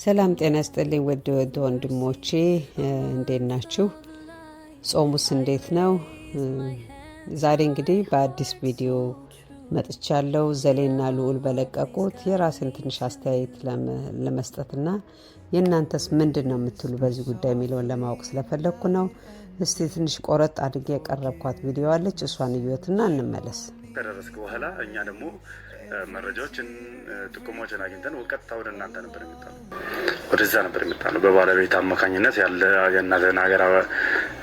ሰላም ጤና ስጥልኝ። ውድ ውድ ወንድሞቼ እንዴት ናችሁ? ጾሙስ እንዴት ነው? ዛሬ እንግዲህ በአዲስ ቪዲዮ መጥቻለሁ። ዘሌና ልዑል በለቀቁት የራስን ትንሽ አስተያየት ለመስጠትና የእናንተስ ምንድን ነው የምትሉ በዚህ ጉዳይ የሚለውን ለማወቅ ስለፈለግኩ ነው። እስቲ ትንሽ ቆረጥ አድጌ የቀረብኳት ቪዲዮ አለች፣ እሷን እዩትና እንመለስ። ከደረስክ በኋላ እኛ ደግሞ መረጃዎችን፣ ጥቁሞችን አግኝተን ቀጥታ ወደ እናንተ ነበር የሚጣ ነው። ወደዛ ነበር የሚጣ ነው። በባለቤት አማካኝነት ያለ የእናትህን ሀገር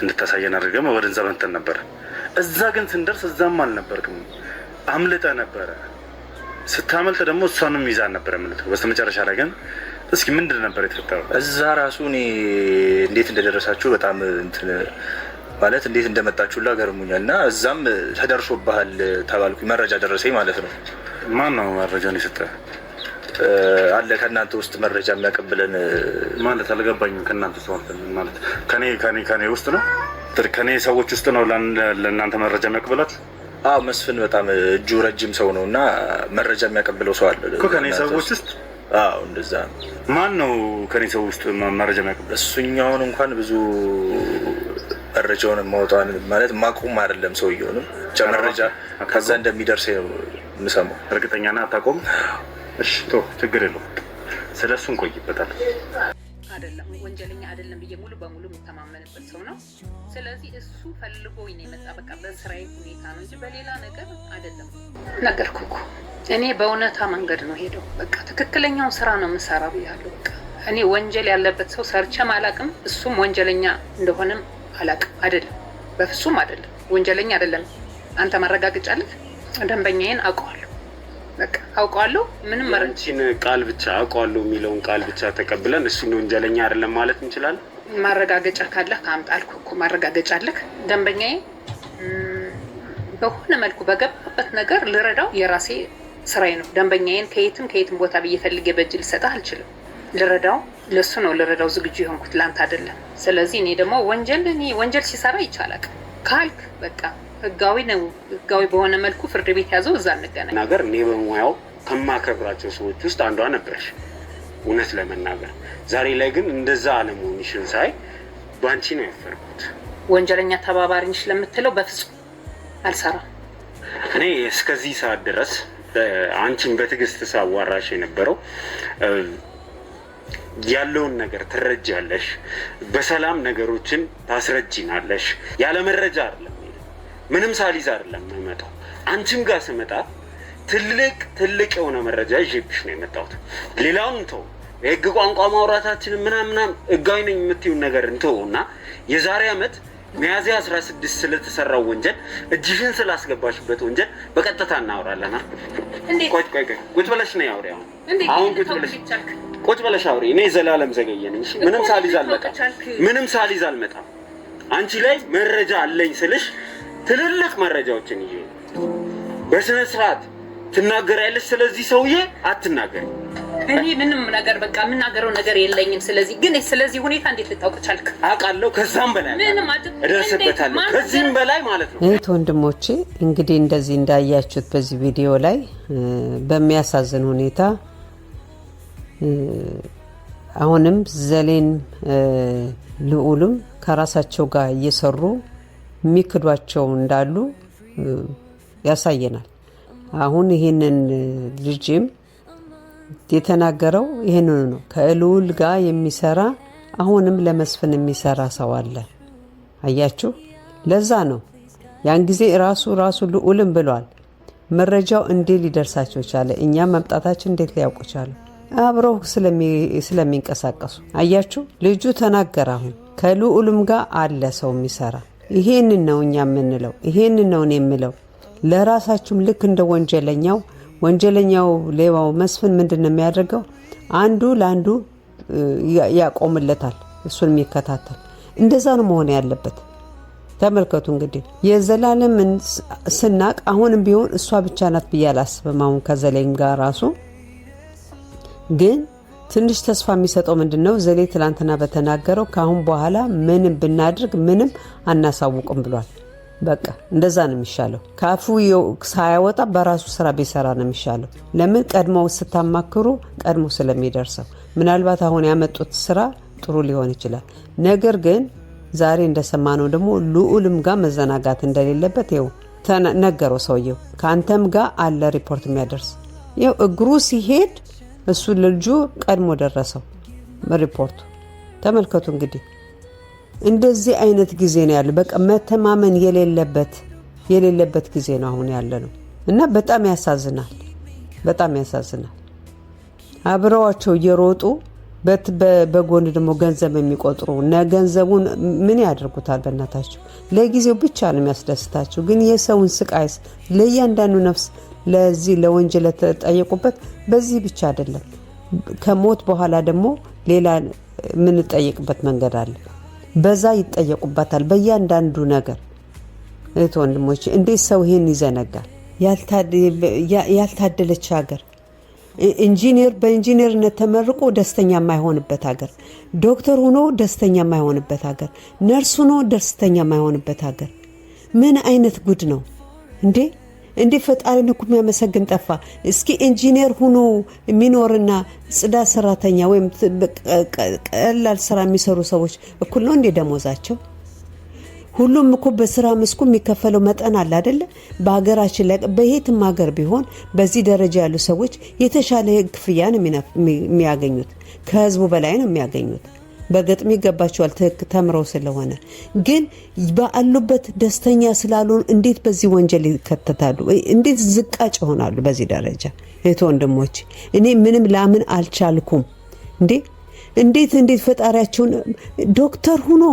እንድታሳየን አድርገን ወደዛ መንተን ነበር። እዛ ግን ስንደርስ እዛም አልነበርክም፣ አምልጠ ነበረ። ስታመልጥ ደግሞ እሷንም ይዛን ነበር የምልት። በስተመጨረሻ ላይ ግን እስኪ ምንድን ነበር የተፈጠረው? እዛ ራሱ እኔ እንዴት እንደደረሳችሁ በጣም እንትን ማለት እንዴት እንደመጣችሁላ ገርሙኛል። እና እዛም ተደርሶብሃል ተባልኩ፣ መረጃ ደረሰኝ ማለት ነው። ማን ነው መረጃን የሰጠ? አለ ከእናንተ ውስጥ መረጃ የሚያቀብለን ማለት አልገባኝም። ከእናንተ ሰው ማለት ከኔ ከኔ ከኔ ውስጥ ነው ከኔ ሰዎች ውስጥ ነው ለእናንተ መረጃ የሚያቀብላችሁ? አዎ መስፍን በጣም እጁ ረጅም ሰው ነው እና መረጃ የሚያቀብለው ሰው አለ ከኔ ሰዎች ውስጥ አዎ እንደዛ ነው። ማን ነው ከኔ ሰው ውስጥ መረጃ የሚያቀብል? እሱኛውን እንኳን ብዙ መረጃውን ማውጣን ማለት ማቆም አይደለም። ሰውየውንም ብቻ መረጃ ከዛ እንደሚደርስ የምሰማው እርግጠኛና አታቆም። እሺ ቶ ችግር የለው ስለ እሱ እንቆይበታል። አይደለም ወንጀለኛ አይደለም ብዬ ሙሉ በሙሉ የምተማመንበት ሰው ነው። ስለዚህ እሱ ፈልጎ ነው የመጣ። በቃ በስራዊ ሁኔታ ነው እንጂ በሌላ ነገር አይደለም። ነገርኩ እኮ እኔ በእውነታ መንገድ ነው ሄደው። በቃ ትክክለኛውን ስራ ነው የምሰራ ብያለሁ። እኔ ወንጀል ያለበት ሰው ሰርቼም አላውቅም። እሱም ወንጀለኛ እንደሆነም አላውቅም። አይደለም፣ በፍጹም አይደለም። ወንጀለኛ አይደለም። አንተ ማረጋገጫለህ። ደንበኛዬን አውቀዋለሁ፣ በቃ አውቀዋለሁ። ምንም መረጃ ቃል ብቻ አውቀዋለሁ የሚለውን ቃል ብቻ ተቀብለን እሱን ወንጀለኛ አይደለም ማለት እንችላለን። ማረጋገጫ ካለህ ከአምጣ አልኩህ እኮ ማረጋገጫ አለህ። ደንበኛዬ በሆነ መልኩ በገባበት ነገር ልረዳው የራሴ ስራዬ ነው። ደንበኛዬን ከየትም ከየትም ቦታ ብዬ ፈልጌ በእጅ ልሰጥህ አልችልም። ልረዳው ለሱ ነው ልረዳው ዝግጁ የሆንኩት ለአንተ አይደለም። ስለዚህ እኔ ደግሞ ወንጀል እኔ ወንጀል ሲሰራ ይቻላል ካልክ በቃ ህጋዊ ነው ህጋዊ በሆነ መልኩ ፍርድ ቤት ያዘው እዛ እንገናኝ ነገር እኔ በሙያው ከማከብራቸው ሰዎች ውስጥ አንዷ ነበረሽ እውነት ለመናገር ዛሬ ላይ ግን እንደዛ አለመሆንሽን ሳይ በአንቺ ነው ያፈርኩት ወንጀለኛ ተባባሪንሽ ለምትለው በፍጹም አልሰራም እኔ እስከዚህ ሰዓት ድረስ አንቺን በትዕግስት ሳዋራሽ የነበረው ያለውን ነገር ትረጃለሽ፣ በሰላም ነገሮችን ታስረጂናለሽ። ያለ መረጃ አይደለም፣ ምንም ሳሊዝ አይደለም የምመጣው። አንቺም ጋር ስመጣ ትልቅ ትልቅ የሆነ መረጃ ይዤብሽ ነው የመጣሁት። ሌላውን እንተው፣ የህግ ቋንቋ ማውራታችን ምናምናም ህጋዊ ነኝ የምትይውን ነገር እንተው እና የዛሬ ዓመት ሚያዝያ 16 ስለተሰራው ወንጀል እጅሽን ስላስገባሽበት ወንጀል በቀጥታ እናወራለን። ቆይ ቆይ ቆይ፣ ቁጭ ብለሽ ነው ያውሪ። አሁን አሁን ቁጭ ብለሽ ቁጭ ብለሽ አውሪ። እኔ ዘላለም ዘገየን እሺ፣ ምንም ሳልይዝ አልመጣም። ምንም ሳልይዝ አልመጣም። አንቺ ላይ መረጃ አለኝ ስልሽ ትልልቅ መረጃዎችን ይዤ በስነ ስርዓት ትናገሪያለሽ። ስለዚህ ሰውዬ አትናገሪ። እኔ ምንም ነገር በቃ የምናገረው ነገር የለኝም። ስለዚህ ግን ስለዚህ ሁኔታ እንዴት ልታውቅ ቻልክ? አውቃለሁ። ከዛም በላይ ምንም እደርስበታለሁ፣ ከዚህም በላይ ማለት ነው። እህት ወንድሞቼ፣ እንግዲህ እንደዚህ እንዳያችሁት በዚህ ቪዲዮ ላይ በሚያሳዝን ሁኔታ አሁንም ዘሌን ልዑልም ከራሳቸው ጋር እየሰሩ የሚክዷቸው እንዳሉ ያሳየናል። አሁን ይህንን ልጅም የተናገረው ይህንኑ ነው። ከልዑል ጋር የሚሰራ አሁንም ለመስፍን የሚሰራ ሰው አለ። አያችሁ፣ ለዛ ነው ያን ጊዜ ራሱ ራሱ ልዑልም ብሏል። መረጃው እንዴት ሊደርሳቸው ቻለ? እኛ መምጣታችን እንዴት ሊያውቁ ቻለ? አብረው ስለሚንቀሳቀሱ አያችሁ፣ ልጁ ተናገረ። አሁን ከልዑልም ጋር አለ ሰው የሚሰራ። ይሄንን ነው እኛ የምንለው፣ ይሄንን ነው እኔ የምለው። ለራሳችሁም ልክ እንደ ወንጀለኛው ወንጀለኛው ሌባው መስፍን ምንድን ነው የሚያደርገው? አንዱ ለአንዱ ያቆምለታል፣ እሱን የሚከታተል እንደዛ ነው መሆን ያለበት። ተመልከቱ እንግዲህ የዘላለምን ስናቅ አሁንም ቢሆን እሷ ብቻ ናት ብዬ አላስብም። አሁን ከዘላይም ጋር ራሱ ግን ትንሽ ተስፋ የሚሰጠው ምንድን ነው? ዘሌ ትላንትና በተናገረው ከአሁን በኋላ ምንም ብናድርግ ምንም አናሳውቅም ብሏል። በቃ እንደዛ ነው የሚሻለው። ከአፉ ሳያወጣ በራሱ ስራ ቢሰራ ነው የሚሻለው። ለምን ቀድሞ ስታማክሩ ቀድሞ ስለሚደርሰው ምናልባት አሁን ያመጡት ስራ ጥሩ ሊሆን ይችላል። ነገር ግን ዛሬ እንደሰማነው ደግሞ ልዑልም ጋር መዘናጋት እንደሌለበት ይኸው ነገረው ሰውየው። ከአንተም ጋር አለ ሪፖርት የሚያደርስ ይኸው እግሩ ሲሄድ እሱ ለልጁ ቀድሞ ደረሰው ሪፖርቱ። ተመልከቱ እንግዲህ እንደዚህ አይነት ጊዜ ነው ያለ። በቃ መተማመን የሌለበት የሌለበት ጊዜ ነው አሁን ያለ ነው እና በጣም ያሳዝናል፣ በጣም ያሳዝናል። አብረዋቸው እየሮጡ በጎን ደግሞ ገንዘብ የሚቆጥሩ እና ገንዘቡን ምን ያደርጉታል? በእናታቸው ለጊዜው ብቻ ነው የሚያስደስታቸው። ግን የሰውን ስቃይስ ለእያንዳንዱ ነፍስ ለዚህ ለወንጀል ለተጠየቁበት በዚህ ብቻ አይደለም። ከሞት በኋላ ደግሞ ሌላ የምንጠየቅበት መንገድ አለ። በዛ ይጠየቁበታል። በእያንዳንዱ ነገር እህት ወንድሞች፣ እንዴት ሰው ይህን ይዘነጋል? ያልታደለች ሀገር ኢንጂኒር በኢንጂኒርነት ተመርቆ ደስተኛ የማይሆንበት ሀገር፣ ዶክተር ሆኖ ደስተኛ የማይሆንበት ሀገር፣ ነርስ ሆኖ ደስተኛ የማይሆንበት ሀገር ምን አይነት ጉድ ነው እንዴ? እንዴ ፈጣሪን እኮ የሚያመሰግን ጠፋ። እስኪ ኢንጂነር ሁኖ የሚኖርና ጽዳት ሰራተኛ ወይም ቀላል ስራ የሚሰሩ ሰዎች እኩል ነው እንዴ ደሞዛቸው? ሁሉም እኮ በስራ መስኩ የሚከፈለው መጠን አለ አደለ? በሀገራችን ላይ በየትም ሀገር ቢሆን በዚህ ደረጃ ያሉ ሰዎች የተሻለ ክፍያ ነው የሚያገኙት። ከህዝቡ በላይ ነው የሚያገኙት። በገጥም ይገባቸዋል። ተምረው ስለሆነ ግን ባሉበት ደስተኛ ስላልሆኑ እንዴት በዚህ ወንጀል ይከተታሉ? እንዴት ዝቃጭ ይሆናሉ? በዚህ ደረጃ እህት ወንድሞች፣ እኔ ምንም ላምን አልቻልኩም። እንዴ እንዴት እንዴት ፈጣሪያቸውን ዶክተር ሁኖ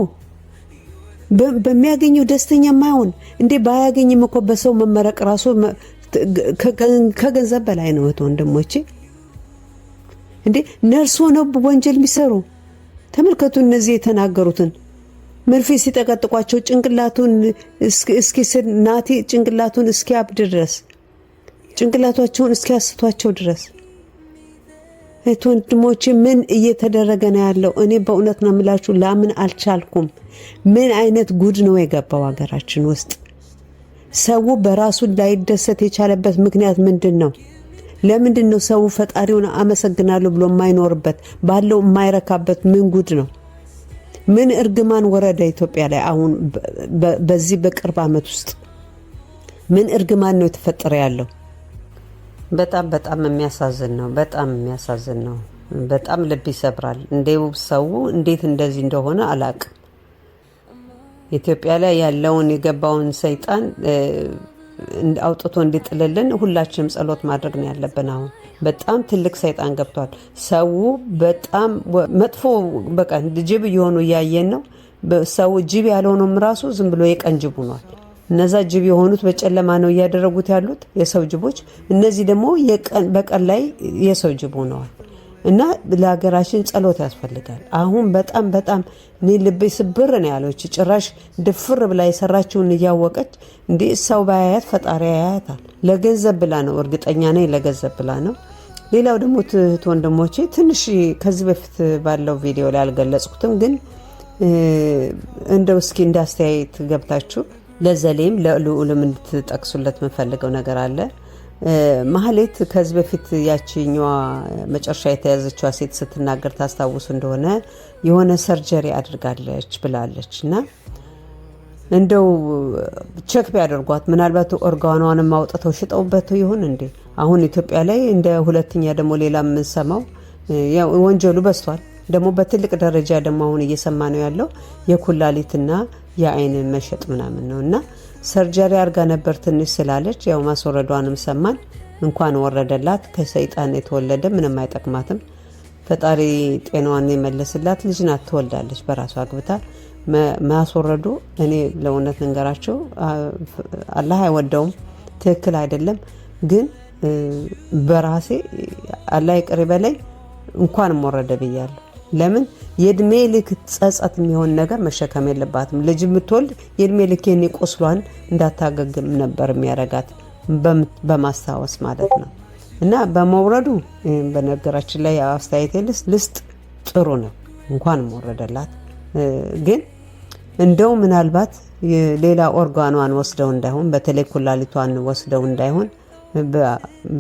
በሚያገኘው ደስተኛ ማይሆን እንዴ ባያገኝም እኮ በሰው መመረቅ ራሱ ከገንዘብ በላይ ነው። እህት ወንድሞቼ እንዴ ነርስ ሆነው ወንጀል የሚሰሩ ተመልከቱ እነዚህ የተናገሩትን መርፌ ሲጠቀጥቋቸው ጭንቅላቱን እስኪ ስር ናቲ ጭንቅላቱን አብድ ድረስ ጭንቅላቷቸውን እስኪያስቷቸው ድረስ እህት ወንድሞቼ ምን እየተደረገ ነው ያለው? እኔ በእውነት ነው የምላችሁ ላምን አልቻልኩም። ምን አይነት ጉድ ነው የገባው ሀገራችን ውስጥ? ሰው በራሱ ላይደሰት የቻለበት ምክንያት ምንድን ነው? ለምንድን ነው ሰው ፈጣሪውን አመሰግናለሁ ብሎ የማይኖርበት ባለው የማይረካበት? ምን ጉድ ነው? ምን እርግማን ወረደ ኢትዮጵያ ላይ አሁን በዚህ በቅርብ ዓመት ውስጥ ምን እርግማን ነው የተፈጠረ ያለው? በጣም በጣም የሚያሳዝን ነው። በጣም የሚያሳዝን ነው። በጣም ልብ ይሰብራል። እንዴው ሰው እንዴት እንደዚህ እንደሆነ አላቅም። ኢትዮጵያ ላይ ያለውን የገባውን ሰይጣን አውጥቶ እንዲጥልልን ሁላችንም ጸሎት ማድረግ ነው ያለብን። አሁን በጣም ትልቅ ሰይጣን ገብቷል። ሰው በጣም መጥፎ በቃ ጅብ እየሆኑ እያየን ነው። ሰው ጅብ ያልሆነውም ራሱ ዝም ብሎ የቀን ጅብ ሆኗል። እነዛ ጅብ የሆኑት በጨለማ ነው እያደረጉት ያሉት የሰው ጅቦች። እነዚህ ደግሞ በቀን ላይ የሰው ጅብ ሆነዋል። እና ለሀገራችን ጸሎት ያስፈልጋል። አሁን በጣም በጣም እኔ ልቤ ስብር ነው ያለች። ጭራሽ ድፍር ብላ የሰራችውን እያወቀች እንዲ ሰው ባያያት ፈጣሪ ያያታል። ለገንዘብ ብላ ነው፣ እርግጠኛ ነኝ ለገንዘብ ብላ ነው። ሌላው ደግሞ ትህት ወንድሞቼ፣ ትንሽ ከዚህ በፊት ባለው ቪዲዮ ላይ አልገለጽኩትም፣ ግን እንደው እስኪ እንዳስተያየት ገብታችሁ ለዘሌም ለልዑልም እንድትጠቅሱለት የምፈልገው ነገር አለ። ማህሌት ከዚህ በፊት ያችኛዋ መጨረሻ የተያዘችዋ ሴት ስትናገር ታስታውሱ እንደሆነ የሆነ ሰርጀሪ አድርጋለች ብላለች እና እንደው ቼክ ቢያደርጓት ምናልባት ኦርጋኗን አውጥተው ሽጠውበት ይሆን እንዴ? አሁን ኢትዮጵያ ላይ እንደ ሁለተኛ ደግሞ ሌላ የምንሰማው ወንጀሉ በዝቷል። ደግሞ በትልቅ ደረጃ ደግሞ አሁን እየሰማ ነው ያለው የኩላሊትና የአይን መሸጥ ምናምን ነው እና ሰርጀሪ አድርጋ ነበር ትንሽ ስላለች ያው ማስወረዷንም ሰማን። እንኳን ወረደላት። ከሰይጣን የተወለደ ምንም አይጠቅማትም። ፈጣሪ ጤናዋን የመለስላት። ልጅ ናት፣ ትወልዳለች በራሷ አግብታ። ማስወረዱ እኔ ለእውነት ንገራቸው አላህ አይወደውም፣ ትክክል አይደለም። ግን በራሴ አላህ ይቅር በለኝ እንኳንም ወረደ ብያለሁ። ለምን የእድሜ ልክ ጸጸት የሚሆን ነገር መሸከም የለባትም። ልጅ የምትወልድ የእድሜ ልክ የኔ ቁስሏን እንዳታገግም ነበር የሚያረጋት በማስታወስ ማለት ነው። እና በመውረዱ በነገራችን ላይ አስተያየቴ ልስጥ ጥሩ ነው፣ እንኳን መወረደላት። ግን እንደው ምናልባት ሌላ ኦርጋኗን ወስደው እንዳይሆን፣ በተለይ ኩላሊቷን ወስደው እንዳይሆን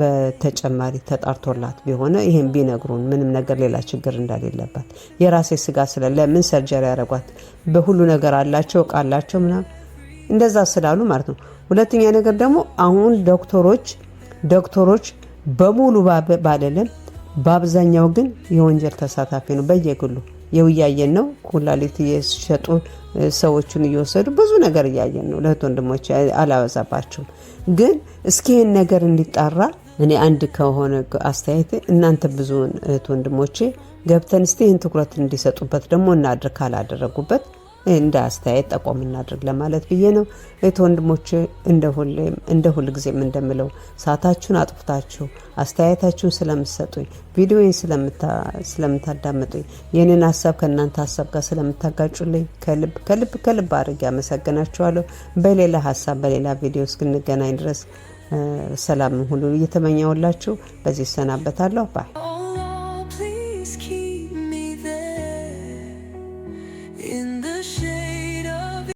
በተጨማሪ ተጣርቶላት ቢሆነ ይህን ቢነግሩን ምንም ነገር ሌላ ችግር እንዳሌለባት የራሴ ስጋ ስለ ለምን ሰርጀሪ ያደረጓት በሁሉ ነገር አላቸው ቃላቸው ምና እንደዛ ስላሉ ማለት ነው። ሁለተኛ ነገር ደግሞ አሁን ዶክተሮች ዶክተሮች በሙሉ ባለለም በአብዛኛው ግን የወንጀል ተሳታፊ ነው። በየግሉ የውያየን ነው ኩላሊት የሸጡ ሰዎቹን እየወሰዱ ብዙ ነገር እያየን ነው። ለእህት ወንድሞች አላበዛባቸውም። ግን እስኪ ይህን ነገር እንዲጣራ እኔ አንድ ከሆነ አስተያየት እናንተ ብዙ እህት ወንድሞቼ ገብተን እስቲ ይህን ትኩረት እንዲሰጡበት ደግሞ እናድር ካላደረጉበት እንደ አስተያየት ጠቆም እናድርግ ለማለት ብዬ ነው። እህት ወንድሞች እንደ ሁል ጊዜም እንደምለው ሰዓታችሁን አጥፍታችሁ አስተያየታችሁን ስለምትሰጡኝ፣ ቪዲዮን ስለምታዳምጡኝ፣ ይህንን ሀሳብ ከእናንተ ሀሳብ ጋር ስለምታጋጩልኝ ከልብ ከልብ ከልብ አድርጌ አመሰግናችኋለሁ። በሌላ ሀሳብ በሌላ ቪዲዮ እስክንገናኝ ድረስ ሰላም ሁሉ እየተመኘሁላችሁ በዚህ እሰናበታለሁ ባይ